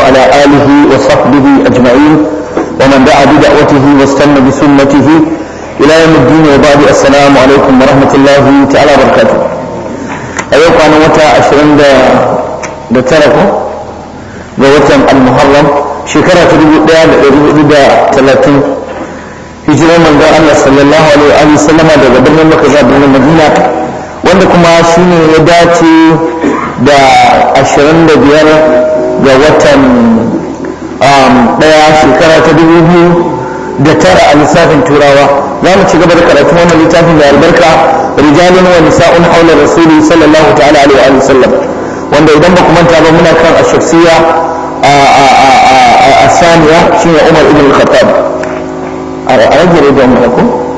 وعلى آله وصحبه أجمعين ومن دعا بدعوته واستنى بسنته إلى يوم الدين وبعد السلام عليكم ورحمة الله تعالى وبركاته أيوك أنا وتا أشرين da tara ko watan al shekara ta dubu daya da dari hudu da talatin hijirar manzon Allah sallallahu alaihi wa sallama daga birnin Makka zuwa birnin Madina wanda kuma ya dace da ashirin da biyar ga watan daya um, shekara ta dubu biyu da tara a lissafin turawa za mu ci gaba da karatu wannan littafin da albarka rijalin wa nisa'un haula rasuli sallallahu ta'ala alaihi wa sallam wanda idan ba ku manta ba muna kan a shafsiya a saniya ne umar ibn khattab a rage rage ko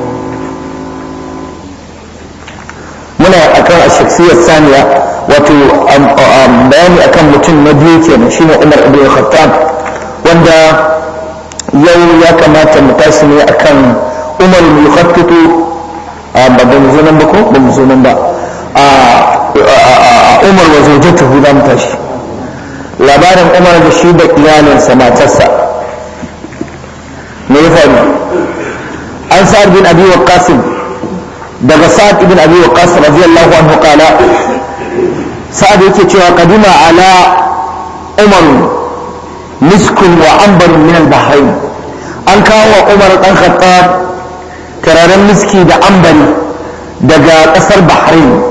shakhsiyar saniya wato bayani akan mutum na biyu kenan shine Umar ibn Khattab wanda yau ya kamata mu tashi ne akan Umar ibn Khattab ba ban zo nan ba ko ban zo nan ba Umar wa zawjatuhu za mu tashi labarin Umar da shi da iyalinsa matarsa me ya faru an sa'ad bin Abi Waqqas daga sa'ad ibn abi waqas radiyallahu anhu qala sa'ad yake cewa kadima ala umar miskun wa ambar min al-bahrain an kawo wa umar dan khattab turaren miski da ambari daga kasar bahrain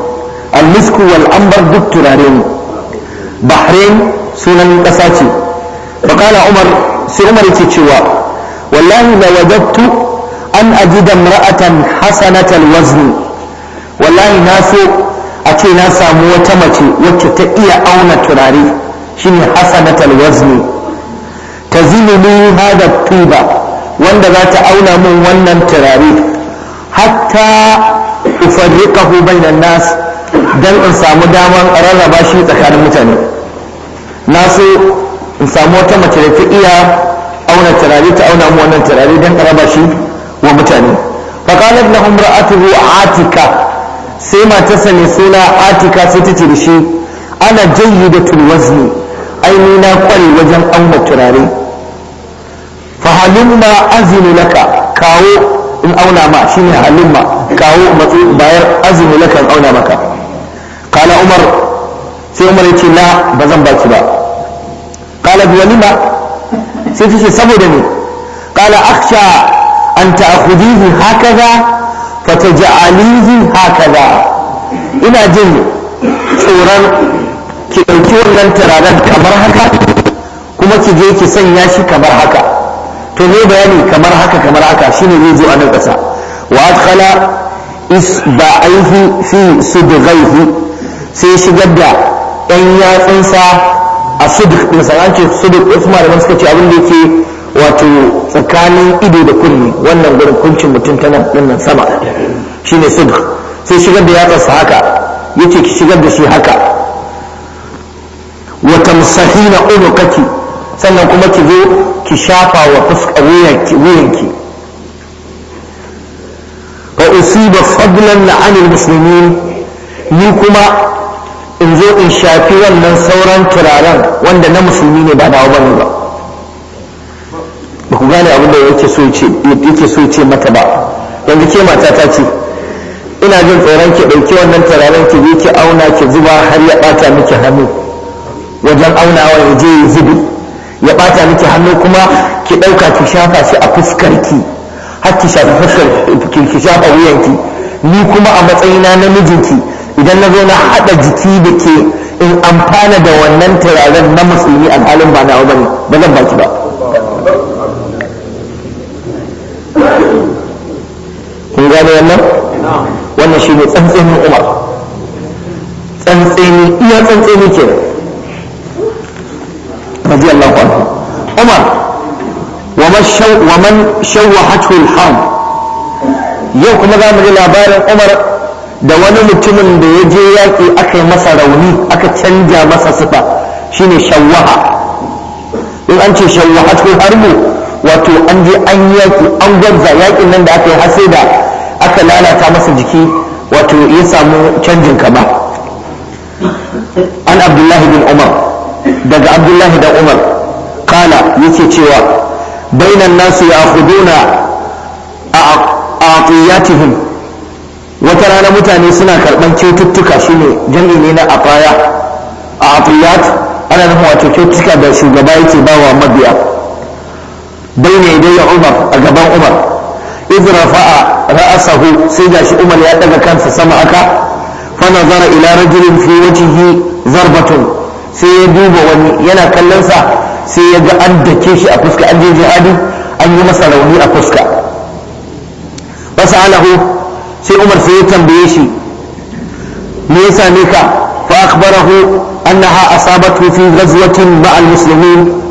al-misku wal ambar duk turare ne bahrain sunan kasa ce umar فقال عمر سي عمر يتشوى والله لوجدت an ajida imra'atan hasanatal wazni wallahi na so a ce na samu wata mace wacce ta iya auna turare shine hasanatal wazni taziluni hada tuba wanda za ta auna min wannan turare hatta ufarriqahu bainan nas dan in samu daman rarraba shi tsakanin mutane na so in samu wata mace da ta iya auna turare ta auna min wannan turare dan raba shi wa mutane faqalat lahum ra'atuhu atika sai matarsa ne suna atika sai ta ce da shi ana jayyidatul wazni ai ni na kwari wajen an turare fa halimma azinu laka kawo in auna ma shine halimma kawo matsu bayar azinu laka in auna maka kala umar sai umar ya ce la ba zan baki ba kala biwalima sai ta ce saboda ne kala aksha an ta'khudihi hakaza fa taj'alihi hakaza ina jin tsoron ki dauki wannan turaren kamar haka kuma ki je ki sanya shi kamar haka to ne bayani kamar haka kamar haka shine zai zo a nan kasa wa adkhala isba'aihi fi sudghaihi sai shigar da yan yatsunsa a sudq da sa ake sudq da suka ce abin da yake wato tsakanin ido da kunni wannan gurin kuncin mutum ta nan dinnan sama shine sidq sai shigar da yatsarsa haka yace ki shigar da shi haka wa tamsahina unuqaki sannan kuma ki zo ki shafa wa fuska wuyanki wuyanki fa usiba fadlan anil muslimin ni kuma in zo in shafi wannan sauran turaren wanda na musulmi ne ba dawo bane ba gane abin da yake so ce yake so ce maka ba yanzu ke mata ta ce ina jin tsoron ki dauki wannan turaren ki je ki auna ki zuba har ya bata miki hannu wajen aunawa ya je ya zubi ya bata miki hannu kuma ki dauka ki shafa shi a fuskar ki har ki shafa fuskar ki shafa wuyan ki ni kuma a matsayina na mijinki idan na zo na hada jiki da ke in amfana da wannan turaren na musulmi alhalin ba na ba zan baki ba kun gane wannan wannan shi ne tsantsenin umar tsantseni iya tsantseni ke Allah anhu umar wa man Shawwa hatul ham yau kuma za mu ji labarin umar da wani mutumin da ya je yaƙi aka yi masa rauni aka canja masa sifa shine shawwaha in an ce shawwahatu harbu wato an je an yaƙi an gwabza yaƙin nan da aka yi hasse da aka lalata masa jiki wato ya samu canjin kaba an abdullahi bin umar daga abdullahi da umar kala yace cewa bainan nasu ya akhuduna a aqiyatihim wata rana mutane suna karban kyaututtuka shine jami'i ne na afaya a aqiyat ana nufin wato kyaututtuka da shugaba yake wa mabiya Bai ne dai ya umar a gaban umar iz rafa'a ra'asahu sai gashi umar ya daga kansa sama aka fa nazara ila rajulin fi wajhihi zarbatun sai ya duba wani yana kallon sa sai ya ga an dake shi a fuska an je jihadi an yi masa rauni a fuska fasalahu sai umar sai ya tambaye shi me ya same ka fa akhbarahu annaha asabatu fi ghazwatin ma'al muslimin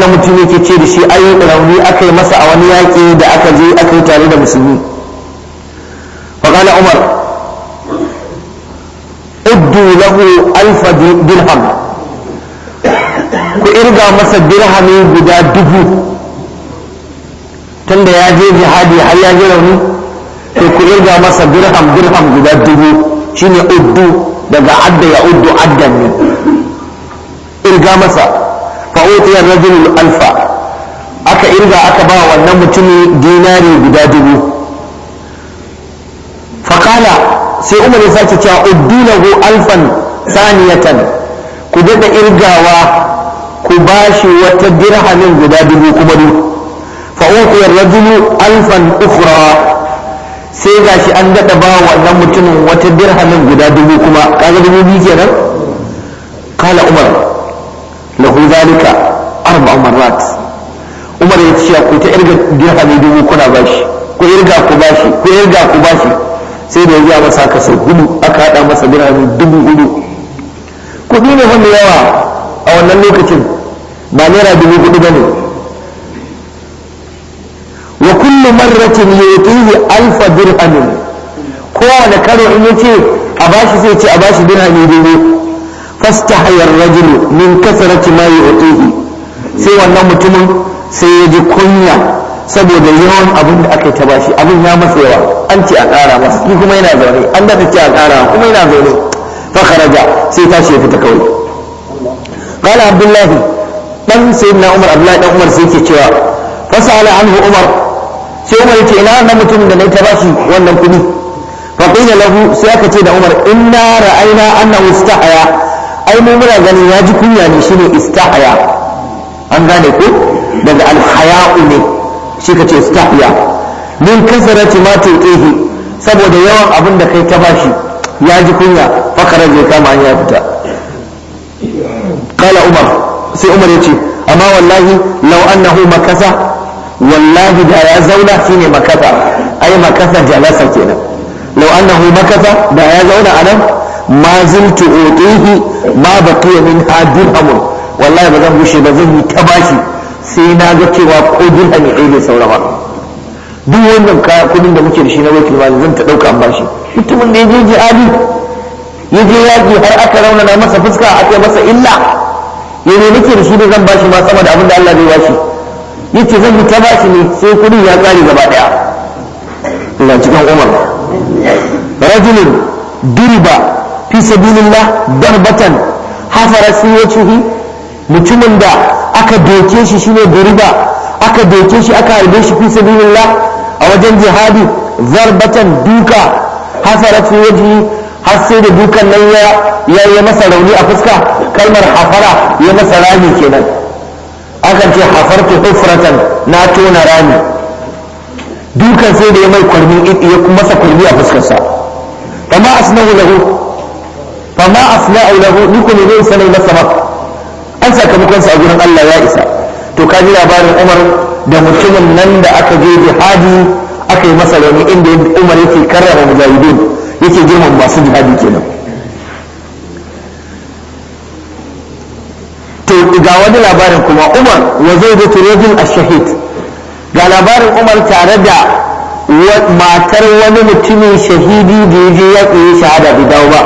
na mutum yake ce da shi ayi rauni aka yi masa a wani yaƙi da aka je aka yi tare da musulmi faƙala umar uddu lahu alfa dirham ku irga masa dirhami guda dubu da ya je jihadi har ya je rauni to ku irga masa dirham dirham guda dubu shine uddu daga adda ya uddu addan ne irga masa utiya rajulul alfa aka irga aka ba wannan mutumin dinari guda dubu fakala sai umar ya sace cewa uddulahu alfan saniyatan ku daɗa irgawa ku bashi wata dirhamin guda dubu kuma dubu alfan ukhra sai gashi an daɗa ba wannan mutumin wata dirhamin guda dubu kuma kaga dubu biyu kenan kala umar zalika arba marrat umar ya ce ku ta irga ne dubu kuna bashi ku irga ku bashi ku irga ku bashi sai da ya masa ka gudu aka hada masa ne dubu hudu kudi ne wanda yawa a wannan lokacin ba naira dubu hudu bane wa kullu marratin yutihi alfa dirhamin da karo in yace a bashi sai ce a bashi ne dubu fastahayar rajulu min kasarati ma yu'tihi sai wannan mutumin sai ya ji kunya saboda yawan abin da aka ta bashi abin ya matsewa an ce a ƙara masa shi kuma yana zaune an da ce a ƙara kuma yana zaune fa kharaja sai tashi ya fita kawai qala abdullahi dan sayyidina umar abdullahi dan umar sai ke cewa fasala anhu umar sai umar yace ina wannan mutumin da nayi ta bashi wannan kudi fa qila lahu sai aka ce da umar inna ra'ayna annahu istahaya ai mu muna ganin ya ji kunya ne shine istahya an gane ko daga alhaya'u ne shi ka ce istahya min kasarati ma tuqihi saboda yawan abin da kai ta bashi ya ji kunya fakara zai kama an ya fita kala umar sai umar ya ce amma wallahi lau annahu makasa wallahi da ya zauna shine makasa ai makasa jalasa kenan lau annahu makasa da ya zauna anan ma ziltu utihi ma baqiya min dirhamun wallahi ba zan gushe ba zan yi ta bashi sai na ga cewa ko dirhami ɗaya bai saura ba duk wannan kaya kudin da muke da shi na wakil ba zan ta ɗauka an bashi mutumin da ya je jihadi ya je yaƙi har aka na masa fuska aka masa illa ya ne nake da shi da zan bashi ma sama da abin da Allah zai bashi yace zan yi ta bashi ne sai kudin ya ƙare gaba ɗaya ina cikin umar rajulun duriba fi sabilillah darbatan hafara fi mutumin da aka doke shi shine duriba aka doke shi aka harbe shi fi sabilillah a wajen jihadi zarbatan duka hafara fi har sai da dukan nan ya ya masa rauni a fuska kalmar hafara ya masa rami kenan akan ce hafartu hufratan na tona rami dukan sai da ya mai kwarmi ya masa kwarmi a fuskarsa kama asnahu lahu amma asna'u lahu ni kuma zai sanai masa ba an sakamakon sa a gurin Allah ya isa to ka ji labarin Umar da mutumin nan da aka je jihadi aka yi masa rauni inda Umar yake karrama mujahidin yake girman masu jihadi kenan to ga wani labarin kuma Umar wa zai da turajin ash-shahid ga labarin Umar tare da matar wani mutumin shahidi da ya je yaƙi shahada bai dawo ba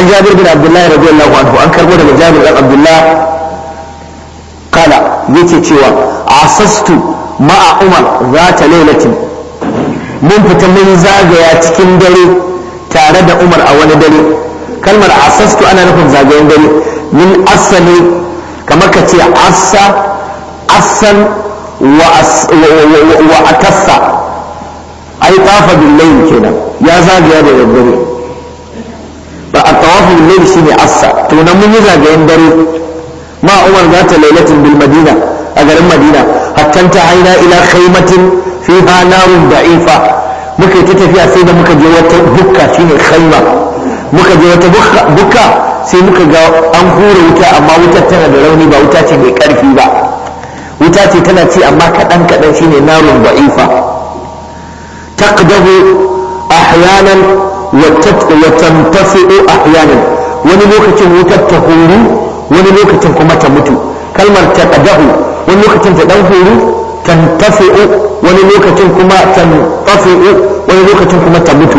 an jabir abdullahi radiyallahu an karbo daga jabir bin abdullah yake cewa asastu ma'a umar zata lailatin mun fita mun zagaya cikin dare tare da umar a wani dare kalmar asastu ana nufin zagayen dare min assa ne kamar ka ce assa assan wa atassa ai tafa billahi kenan ya zagaya da daddare ba a tawafin lail shine assa to nan mun yi zagayen dare ma umar za ta lailatin bil madina a garin madina hatta ta haina ila khaymatin fiha narun da'ifa muka yi ta tafiya sai da muka je wata bukka shine khayma muka je wata bukka sai muka ga an hura wuta amma wutar tana da rauni ba wuta ce mai karfi ba wuta ce tana ci amma kaɗan kaɗan shine narun da'ifa taqdahu ahyanan watantafi'u ahyanan wani lokacin wutar ta horu wani lokacin kuma ta mutu kalmar ta kadahu wani lokacin ta dan horo tantafi'u wani lokacin kuma tantafi'u wani lokacin kuma ta mutu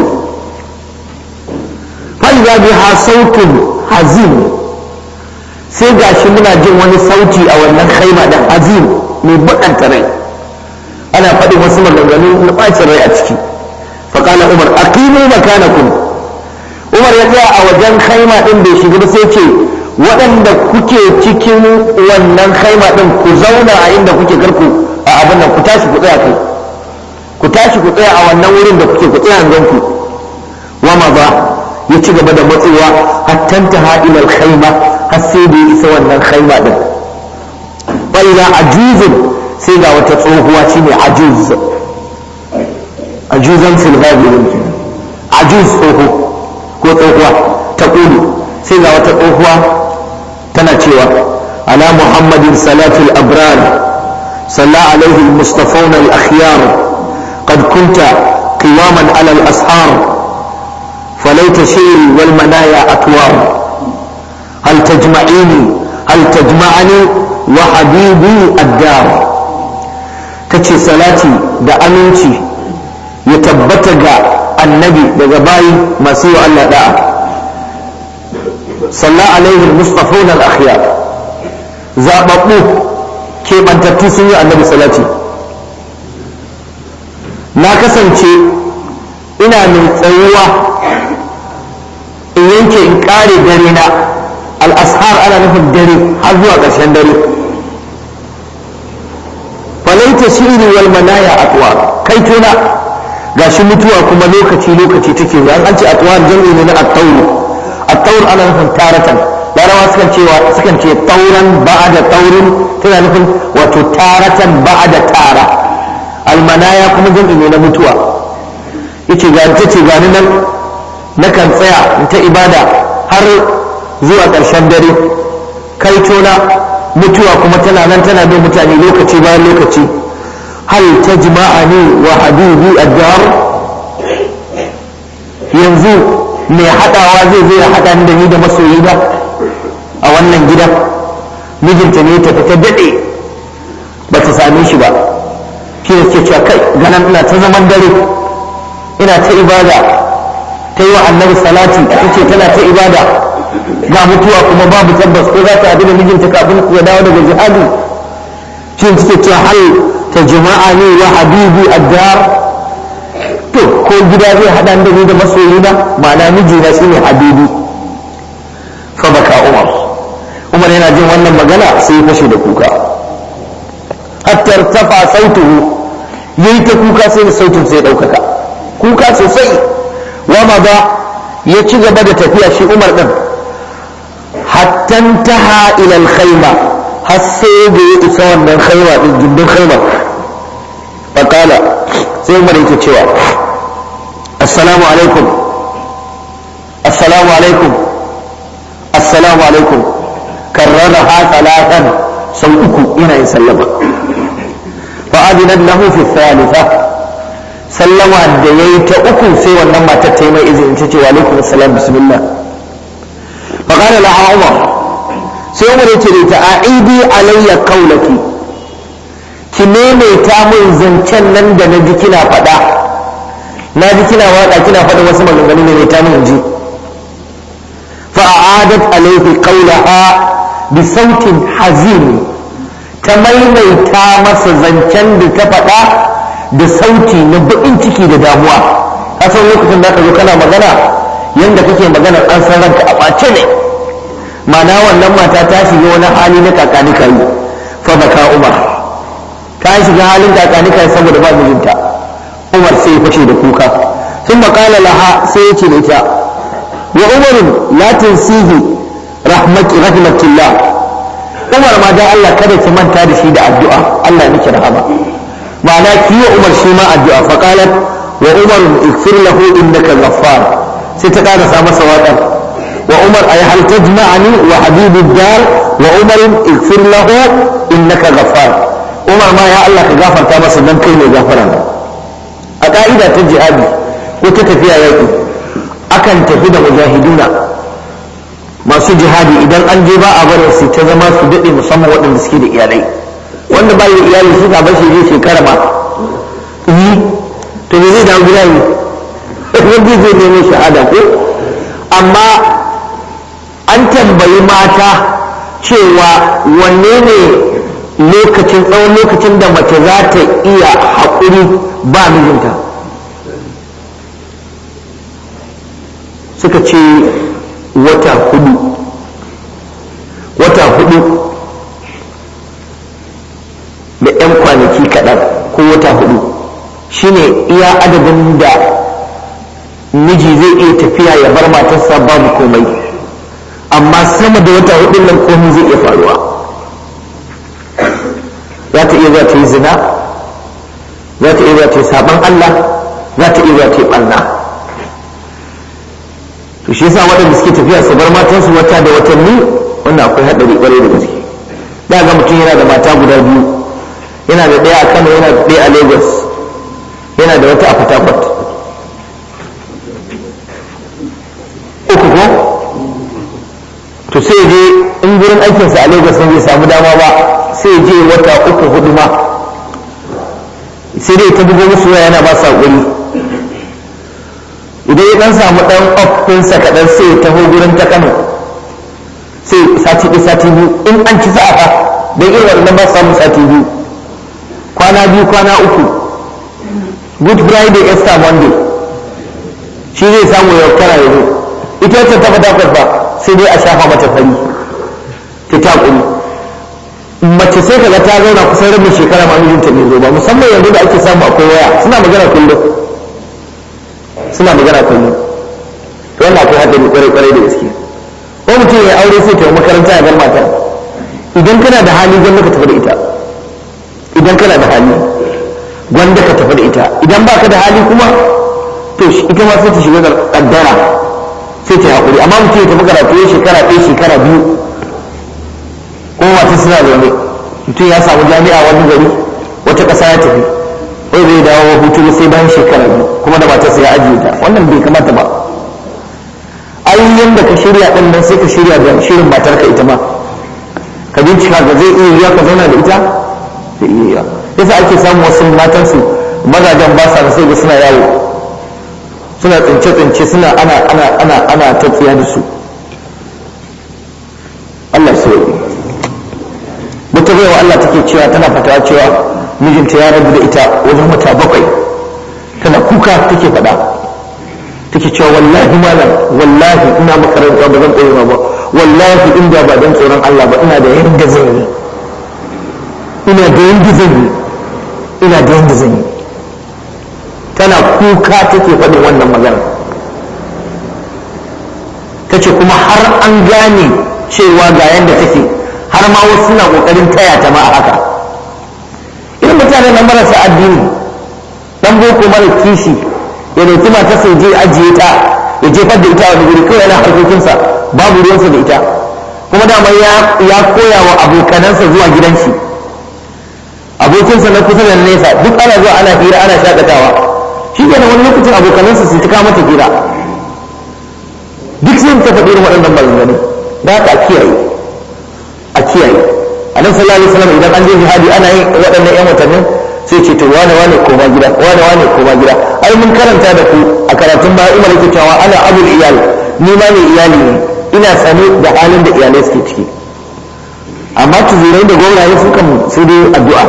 fa'idha biha sautun hazim sai gashi muna jin wani sauti a wannan khaima da hazim mai bakanta rai ana faɗin wasu maganganu na ɓacin rai a ciki faƙala umar aqimu makanakum umar ya tsaya a wajen haima ɗin bai shiga ba sai ce waɗanda kuke cikin wannan haima ɗin ku zauna a inda kuke karku a abin nan ku tashi ku tsaya kai ku tashi ku tsaya a wannan wurin da kuke ku tsaya an ku wa ba ya ci gaba da matsewa hattanta ha'ilal haima har sai da ya isa wannan haima ɗin bai na ajuzin sai ga wata tsohuwa shine ajuz a juzan filbabi ne a juz tsoho ko tsohuwa ta ƙulu sai ga wata tsohuwa tana cewa ala muhammadin salatul abrar صلى عليه المصطفون الأخيار قد كنت قواما على الأسحار فليت شيري والمنايا أكوار هل تجمعيني هل تجمعني وحبيبي الدار تشي صلاتي دا أمنتي ya tabbata ga annabi daga bayi masu yi Allah da'a salla alaihi mustafun al-akhyar zababbu kebantattu sun yi annabi salati na kasance ina mai tsayuwa in yanke in kare dare na al ana nufin dare har zuwa ƙarshen dare falaita shiri wal manaya atwa kai tuna shi mutuwa kuma lokaci lokaci take zuwa an ce atwan jami'i ne na at-tawr at-tawr ana nufin taratan larawa sukan cewa sukan ce tauran ba'da taurin tana nufin wato taratan ba'da tara almanaya kuma jami'i ne na mutuwa yace ga tace ga ni nan kan tsaya ta ibada har zuwa ƙarshen dare kai tona mutuwa kuma tana nan tana bin mutane lokaci bayan lokaci hal tajma'ani wa habibi ad-dar yanzu mai hadawa zai zo ya hada ni da ni da masoyi ba a wannan gida mijinta ne ta ta dade ba ta same shi ba ke ke cewa kai ganan ina ta zaman dare ina ta ibada ta yi wa annabi salati ta ce tana ta ibada ga mutuwa kuma babu tabbas ko za ta haɗu mijinta kafin ya dawo daga jihadi shin take cewa hal tajma'ani wa habibi ad-dar to ko gida zai hada da ni da masoyina ma'ana miji shine habibi fa baka umar umar yana jin wannan magana sai ya fashe da kuka hatta tafa sautuhu ta kuka sai da sautin sai ya kuka sosai wa maza ya ci gaba da tafiya shi umar ɗin. hatta taha ila har sai da ya isa wannan khayma din gindin faƙala sai umar yake cewa assalamu alaikum assalamu alaikum assalamu alaikum karrara ha talatan sau uku yana yin sallama fa'adinan lahu fi thalitha sallama da yayi ta uku sai wannan matar ta yi mai izini ta ce wa sai a'idi alayya qawlaki ki maimaita min zancen nan da na ji kina faɗa na ji kina waƙa kina faɗa wasu maganganu ta mun ji fa fa'adat alayhi qawlaha bi sautin hazin ta maimaita masa zancen da ta faɗa da sauti na baƙin ciki da damuwa a san lokacin da ka zo kana magana yanda kake magana an san ranka a ɓace ne ma'ana wannan mata ta shiga wani hali na kakani kayi fa baka umar ta shiga halin kakanika saboda ba mijinta umar sai ya fashe da kuka sun makala laha sai ya ce da ita wa umarin latin sihi, rahmatullah umar ma dan Allah kada ki manta da shi da addu'a Allah ya miki rahama ma'ana ki yi umar shi ma addu'a fa qalat wa umar ighfir lahu innaka ghaffar sai ta kada sa masa waƙar wa umar ay hal tajma'ani wa Habibu dar wa umar ighfir lahu innaka ghaffar umar ma ya Allah ka gafarta masa dan kai ne gafara a ka'ida ta jihadi ko ta tafiya yaƙi akan tafi da mujahiduna masu jihadi idan an je ba a barin su ta zama su daɗe musamman waɗanda suke da iyalai wanda ba da iyali suka ba shi zai shekara ba yi to me zai dawo gida wanda zai nemo shahada ko amma an tambayi mata cewa wanne ne lokacin tsawon lokacin da mace za ta iya haƙuri ba mijinta suka ce wata hudu wata hudu da 'yan kwanaki kaɗan ko wata hudu ne iya adadin da miji zai iya tafiya ya bar matarsa babu komai amma sama da wata hudun nan komai zai iya faruwa iya zuwa ta yi zina za ta iya zuwa ta yi sabon Allah za ta iya zuwa ta yi ɓarna to shi yasa waɗanda suke tafiya su bar matansu wata da watanni wannan akwai haɗari ƙwarai da gaske da ga mutum yana da mata guda biyu yana da ɗaya a Kano yana da ɗaya a Lagos yana da wata a Fatakwat sai je in gurin aikinsa a Lagos ne bai samu dama ba sai je wata uku hudu ma sai dai ta dubo musu yana ba sa guri idan ya dan samu dan ofinsa kadan sai ya taho gurin ta Kano sai sati da sati biyu in an ci sa'a fa don irin wannan ba samu sati biyu kwana biyu kwana uku good friday easter monday shi zai samu yau kana yanzu ita ce ta fada takwas ba sai dai a shafa mata fari ta kuma mace sai kaga ta zauna kusan rabin shekara ma mijinta bai zo ba musamman yanzu da ake samu akwai waya suna magana kullum suna magana kullum to wannan akwai haɗari kwarai kwarai da gaske ko mutum ya aure sai ta yi makaranta ya zama ta idan kana da hali gwanda ka tafi da ita idan kana da hali gwanda ka tafi da ita idan baka da hali kuma to ita ma sai ta shiga kaddara sai ta haƙuri amma mutum ya tafi karatu ya shekara ɗaya shekara biyu ko wata suna zaune mutum ya samu jami'a wani gari wata ƙasa ya tafi wai zai dawo hutu sai bayan shekara biyu kuma da matarsa ya ajiye ta wannan bai kamata ba ayyukan da ka shirya ɗin nan sai ka shirya da shirin ka ita ma ka bincika ga zai iya yiwuwa ka zauna da ita zai iya yiwuwa yasa ake samun wasu matansu mazajen ba sa sai ga suna yawo suna tsince-tsince suna ana ana ana ana tafiya da su Allah sai wata Allah take cewa tana fatawa cewa mijinta ya rabu da ita wajen wata bakwai tana kuka take fada take cewa wallahi malam wallahi ina makaranta ba zan koyi ba wallahi inda ba dan tsoron Allah ba ina da yanda zan yi ina da yanda zan yi ina da yanda zan yi tana kuka take faɗi wannan magana ta ce kuma har an gane cewa ga yadda take har ma wasu suna ƙoƙarin taya ta ma a haka irin mutane na marasa addini dan boko mara kishi ya dauki mata sai je ajiye ta ya jefar da ita wani guri kawai yana harkokinsa babu ruwansa da ita kuma dama ya koya wa abokanansa zuwa gidan shi abokinsa na kusa da nesa duk ana zuwa ana hira ana shakatawa shi ne wani lokacin abokanansa su cika mata gida duk sun ta faɗi irin waɗannan maganganu da haka a kiyaye a kiyaye a nan sallallahu alaihi wasallam idan an je jihadi ana yin waɗannan yan watannin sai ce to wane wane koma gida wane wane koma gida ai mun karanta da ku a karatun baya umar yake cewa ana abul iyal ni ma ne iyali ne ina sane da halin da iyalai suke ciki amma tuzurai da gwamnati su kan su dai addu'a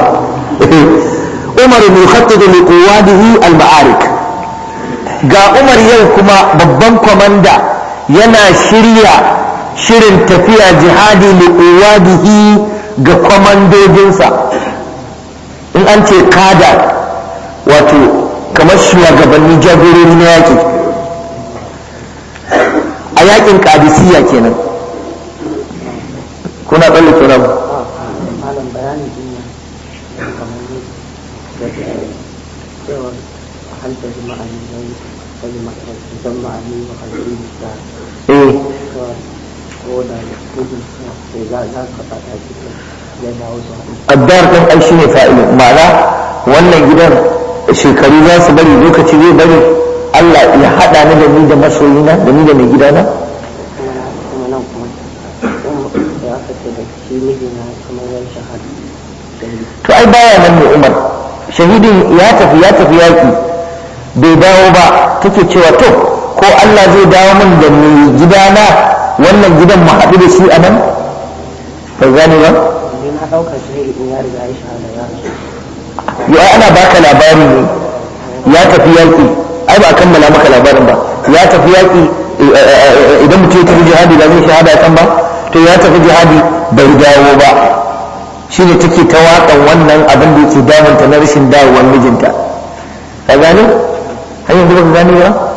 umar bin khattab li quwadihi al ma'arik ga umar yau kuma babban komanda yana shirya shirin tafiya jihadi li quwadihi ga komandojinsa in an ce kada wato kamar shugabanni jagorori na yaƙi a yakin kadisiya kenan kuna tsallake تجمعني تجمعني وخلقي إيه addar ɗin ai shi ne fa'ilu ma'ana wannan gidan shekaru za su bari lokaci zai bari Allah ya haɗa ni da ni da masoyina da ni da mai gidana? to ai baya nan ne umar shahidin ya tafi ya tafi yaƙi bai dawo ba take cewa to ko Allah zai dawo min da mai gidana wannan gidan mu haɗu da shi a nan ba gane ba ya ana baka labarin ne ya tafi yaƙi ai ba kammala maka labarin ba ya tafi yaƙi eh, eh, eh, idan mutum ya tafi jihadi ba zai shahada kan ba to ya tafi jihadi bai dawo ba shi ne take ta waƙan wannan abin da yake damunta na rashin dawowar mijinta ka gani. a yanzu ba gane ba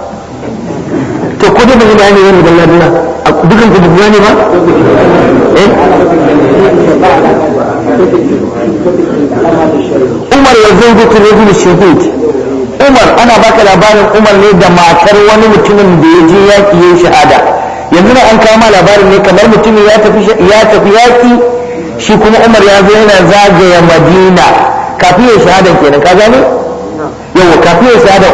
to ko dai ba gane ne ne dalla a dukan ku ba gane ba eh Umar ya zo gutu ne bin shahid Umar ana baka labarin Umar ne da matar wani mutumin da ya je yaki yayin shahada yanzu ne an kama labarin ne kamar mutumin ya tafi ya tafi yaki shi kuma Umar ya zo yana zagaya Madina kafin ya shahada kenan ka gane yawa kafin ya shahada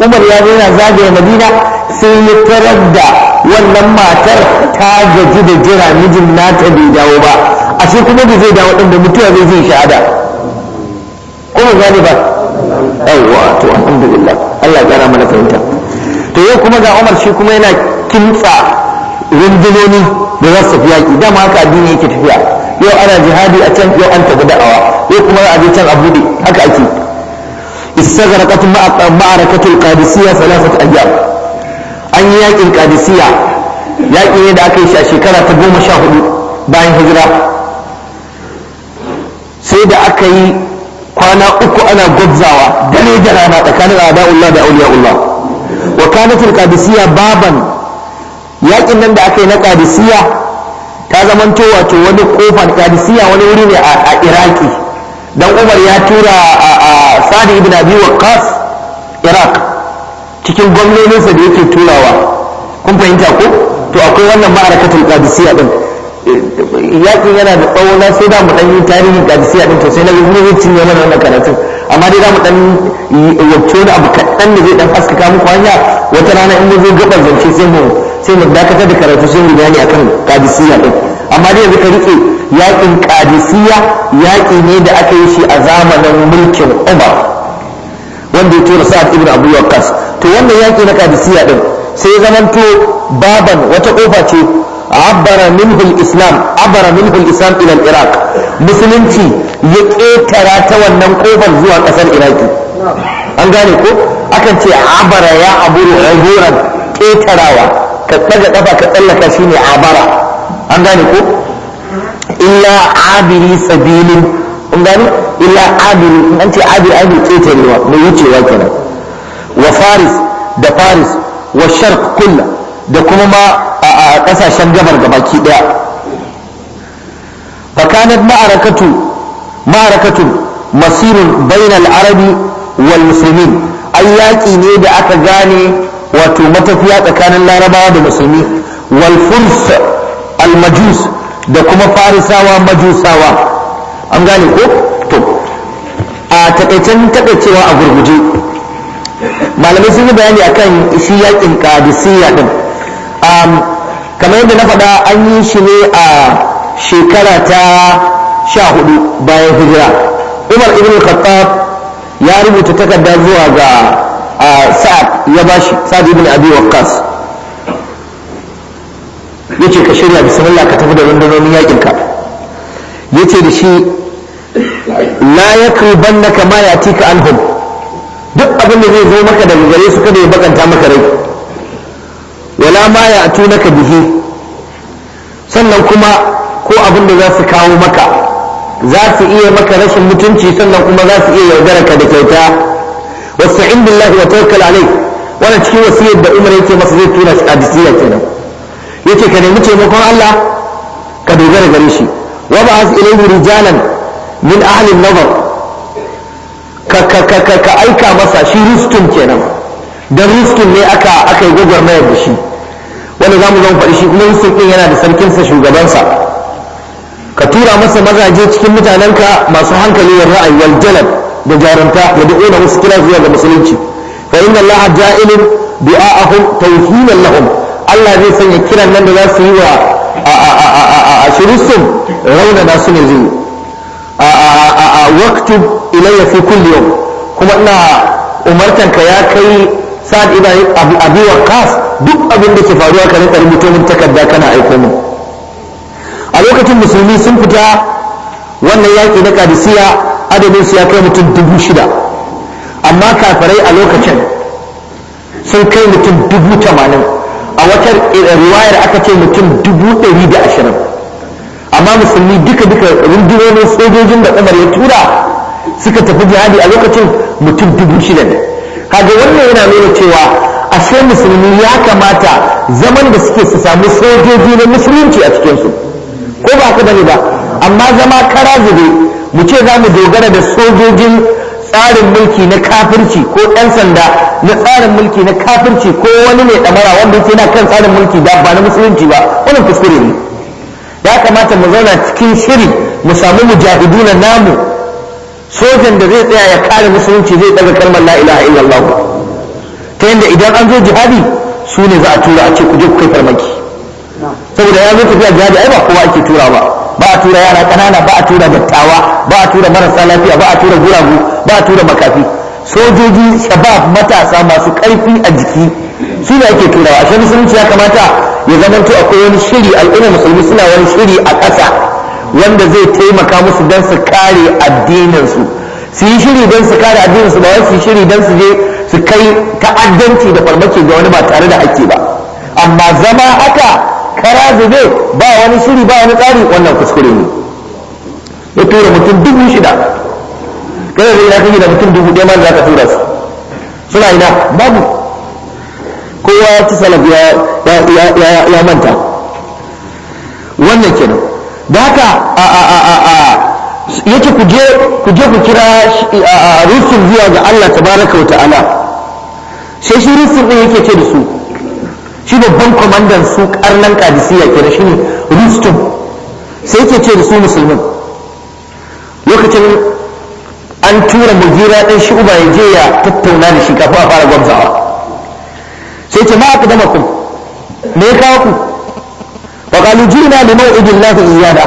umar ya zo yana zagaya madina sai ya tarar da wannan matar ta gaji da jira mijin nata bai dawo ba a shi kuma da zai dawo ɗin da mutuwa zai zai shahada kuma gane ba Aiwa, to alhamdulillah Allah ya gara mana fahimta to yau kuma ga umar shi kuma yana kimtsa rundunoni da za su ki dama haka addini yake tafiya yau ana jihadi a can yau an tafi da'awa yau kuma a je can a buɗe haka ake استغرقت معركة القادسية ثلاثة أيام أن a shekara ta إذا sha hudu, bayan hijira. Sai da aka yi kwana uku ana gwabzawa dare da rana tsakanin ada'ullah da auliya'ullah wa kanatul qadisiyya baban yaƙin nan da aka yi na qadisiyya ta zamanto wato wani kofar qadisiyya wani wuri ne a iraki dan umar ya tura a sadi ibn abi waqas iraq cikin gwamnoninsa da yake turawa kun fahimta ko to akwai wannan ma'arakatul qadisiyya din yakin yana da tsawo na sai da mu dan yi tarihin qadisiyya din to sai na yi mun cinye mana wannan karatu amma dai da mu dan wacce da abu kaɗan da zai dan haskaka muku hanya wata rana in zai zo gaban zance sai mu sai mu dakatar da karatu sai mu bayani akan qadisiyya din amma dai yanzu ka rike yaƙin qadisiya yaƙi ne da aka yi shi a zamanin mulkin umar wanda ya tura sa'ad ibn abu waqas to wannan yaƙi na qadisiya din sai zamanto baban wata ƙofa ce abara minhul islam abara minhul islam ila iraq musulunci ya ƙetara ta wannan kofar zuwa ƙasar iraki an gane ko akan ce abara ya aburu aburan ƙetarawa ka ɗaga ƙafa ka tsallaka shine abara an gane ko illa abiri sabilin kun gani illa abiri an ce abiri abiri ƙetarewa mai wucewa kenan wa faris da faris wa sharq kulla da kuma ma a ƙasashen gabar gabaki ɗaya fakanat ma'arakatu ma'arakatu masirun bainal arabi wal muslimin ai yaƙi ne da aka gane wato matafiya tsakanin larabawa da musulmi wal furs al majus da kuma farisawa majusawa an gane ko to a takaicen takaicewa a gurguje malamai sun yi bayani akan shi yakin kadisiyya din kamar yadda na faɗa an yi shi ne a shekara ta sha hudu bayan hijira umar ibn khattab ya rubuta takarda zuwa ga sa'ad ya bashi sa'ad ibn abi waqqas yace ka shirya bismillah ka tafi da rundunonin yakin ka yace da shi la yakribannaka ma yatika anhum duk abin da zai zo maka daga gare su kada ya bakanta maka rai wala ma yatunaka bihi sannan kuma ko abin da za su kawo maka za su iya maka rashin mutunci sannan kuma za su iya ka da kyauta wasu billahi wa tawakkal alai wani cikin wasiyar da umar yake masa zai tura shi a kenan Yake ka nemi taimakon Allah ka dogara gare shi wa ba'ath ilayhi rijalan min ahli nazar ka ka ka ka aika masa shi riskin kenan dan riskin ne aka aka yi gwagwarmayar da shi wanda zamu zama faɗi shi kuma riskin ɗin yana da sarkinsa shugabansa ka tura masa mazaje cikin mutanenka masu hankali wa ra'ayi wal da jarumta da da'una musu kira zuwa ga musulunci fa inna allaha ja'ilun du'a'ahum tawhinan lahum Allah zai sanya kiran nan da za su yi wa a shirisun raunana su ne zai a waktu ilayya fi kulli yau kuma ina umartanka ya kai sa'ad ina abi kas duk abin da ke faruwa ka rinka rubuto min takarda kana aiko min a lokacin musulmi sun fita wannan yaƙi na kadisiya adadin su ya kai mutum dubu shida amma kafirai a lokacin sun kai mutum dubu tamanin a wata riwayar aka ce mutum dubu ɗari da ashirin amma musulmi duka duka rundunonin sojojin da umar ya tura suka tafi jihadi a lokacin mutum dubu shida ne kaga wannan yana nuna cewa ashe musulmi ya kamata zaman da suke su samu sojoji na musulunci a cikinsu ko ba ka bane ba amma zama kara zube mu ce za mu dogara da sojojin tsarin mulki na kafirci ko ɗan sanda na tsarin mulki na kafirci ko wani mai ɗamara wanda yake na kan tsarin mulki da ba na musulunci ba wani kuskure ne ya kamata mu zauna cikin shiri mu samu mujahiduna namu sojan da zai tsaya ya kare musulunci zai ɗaga kalmar la ilaha illallah ta yadda idan an zo jihadi su ne za a tura a ce ku je ku kai farmaki saboda ya zo tafiya jihadi ai ba kowa ake tura ba ba a tura yara kanana ba a tura dattawa ba a tura marasa lafiya ba a tura guragu ba a tura makafi sojoji shabab matasa masu karfi a jiki su ne ake turawa ashe musulunci ya kamata ya zama zamanto akwai wani shiri al'ummar musulmi suna wani shiri a ƙasa wanda zai taimaka musu don su kare addininsu su yi shiri don su kare addininsu ba wai su yi shiri don su je su kai ta'addanci da farmaki ga wani ba tare da ake ba amma zama haka kara zube ba wani shiri ba wani tsari wannan kuskure ne ya tura mutum dubu shida kada zai na kai da mutum dubu ɗaya ma da ka tura su suna ina babu kowa ya ci salaf ya manta wannan kenan da haka a a a a yake ku je ku je ku kira rusul zuwa ga Allah tabaraka wa ta'ala sai shi rusul din yake ce da su shi babban kwamandan su karnan kadisiya kenan shi ne rustum sai yake ce da su musulmin lokacin an tura mugira ɗan shi uba ya je ya tattauna da shi kafin a fara gwamzawa sai ce ma aka dama ku me ya kawo ku wa qalu jina da maw'idin lafi iyada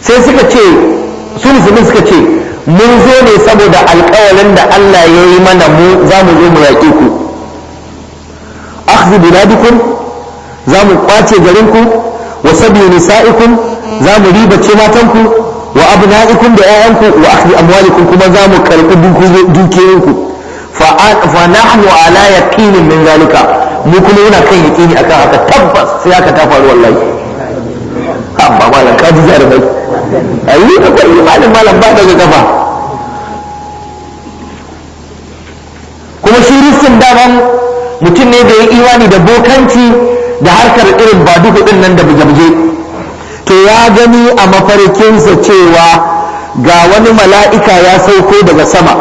sai suka ce su musulmin suka ce mun zo ne saboda alkawalin da Allah ya yi mana mu za mu zo mu yaƙe ku ahdi biladikum za mu kwace garinku wa sabi nisa'ikum za mu ribace matanku wa abna'ikum da 'ya'yanku wa ahdi amwalikum kuma za mu karɓi dukiyoyinku fa nahnu ala yaqinin min zalika mu kuma yana kan yaqini akan haka tabbas sai haka ta faru wallahi amma malam ka ji jarumai ayi akwai imanin malam ba daga gaba kuma shi riskin daman mutum ne da ya imani da bokanci da harkar irin ba duhu din nan da buge to ya gani a mafarkinsa cewa ga wani mala'ika ya sauko daga sama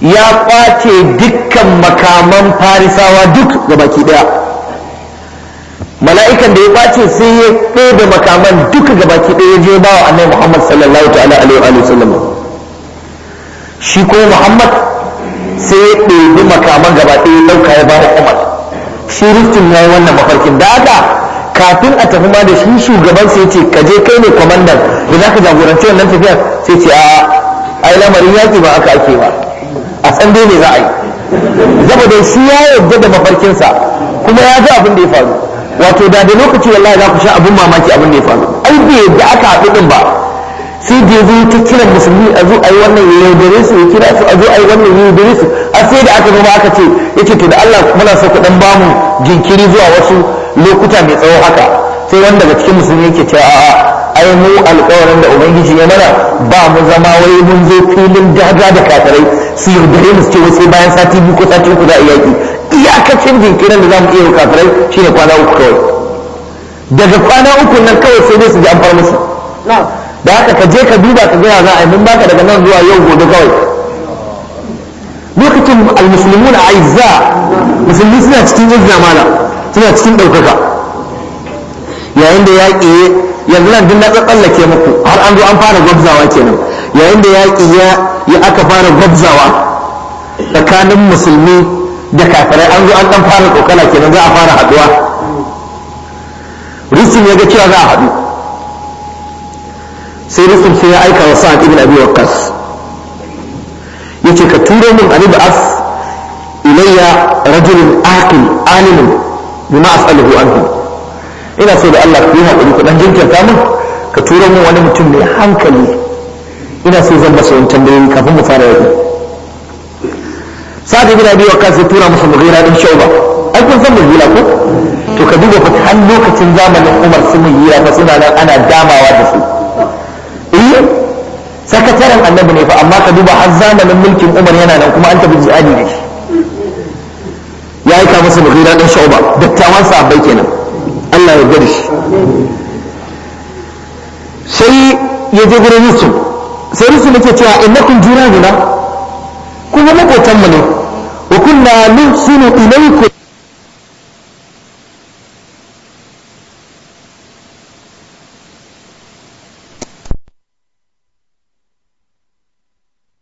ya kwace dukkan makaman farisawa duk ga baki daya mala'ikan da ya kwace sai ya ɗaya makaman duka ga baki daya je bawa annabi muhammad sallallahu alaihi wa sallam shi ko muhammad sai ya ɗebi makaman gaba ɗaya ɗauka ya bada umar shi riftin ya yi wannan mafarkin da haka kafin a tafi ma da shi shugaban sai ce ka je kai ne kwamandan da za ka jagoranci wannan tafiyar sai ce a ai lamarin yaƙi ba aka ake ba a san dai ne za a yi saboda shi ya yarda da mafarkinsa kuma ya ji abin da ya faru wato da da lokaci wallahi za ku sha abin mamaki abin da ya faru ai bai yadda aka haɗu ɗin ba sai da zo ta musulmi a zo a yi wannan ya yaudare su ya kira su a zo a yi wannan ya yaudare su a sai da aka zama aka ce ya ce to da Allah muna so ku dan bamu jinkiri zuwa wasu lokuta mai tsawo haka sai wanda daga cikin musulmi yake cewa a'a ai mu alƙawarin da ubangiji ya mana ba mu zama wai mun zo filin daga da kafirai su yaudare mu ce wasu sai bayan sati biyu ko sati uku za a yaƙi iyakacin jinkirin da za mu iya yi katarai shine kwana uku kawai daga kwana uku nan kawai sai dai su ji an far musu da haka ka je ka duba ka gaya za a yi mun baka daga nan zuwa yau gobe kawai lokacin almusulmi na za musulmi suna cikin izza mala suna cikin ɗaukaka yayin da yaƙi yanzu nan duk na tsallake muku har an zo an fara gwabzawa kenan yayin da yaƙi ya aka fara gwabzawa tsakanin musulmi da kafirai an zo an dan fara kokala kenan za a fara haduwa rusul ya ga cewa za a haɗu sai nufin sai ya aika wa sa'ad ibn abi waqqas yace ka turo min ali da as ilayya rajulun aqil alimin bima as'aluhu anhu ina so da Allah ku yi hakuri ku dan jinkirta min ka turo min wani mutum mai hankali ina so zan masa wani tambayoyi kafin mu fara yau sa'ad ibn abi waqqas ya tura masa mughira din shauba ai kun san mughira ko to ka duba fa har lokacin zamanin Umar su mughira fa suna nan ana damawa da su sakataren annabi ne fa amma ka duba har zamanin mulkin umar yana nan kuma an tafi jihadi da shi ya aika masa mughira dan shauba dattawan sahabbai kenan Allah ya gari shi sai ya je gurin Yusuf sai Yusuf yake cewa innakum junanuna kuma makotan mu ne wa kunna nusinu ilaykum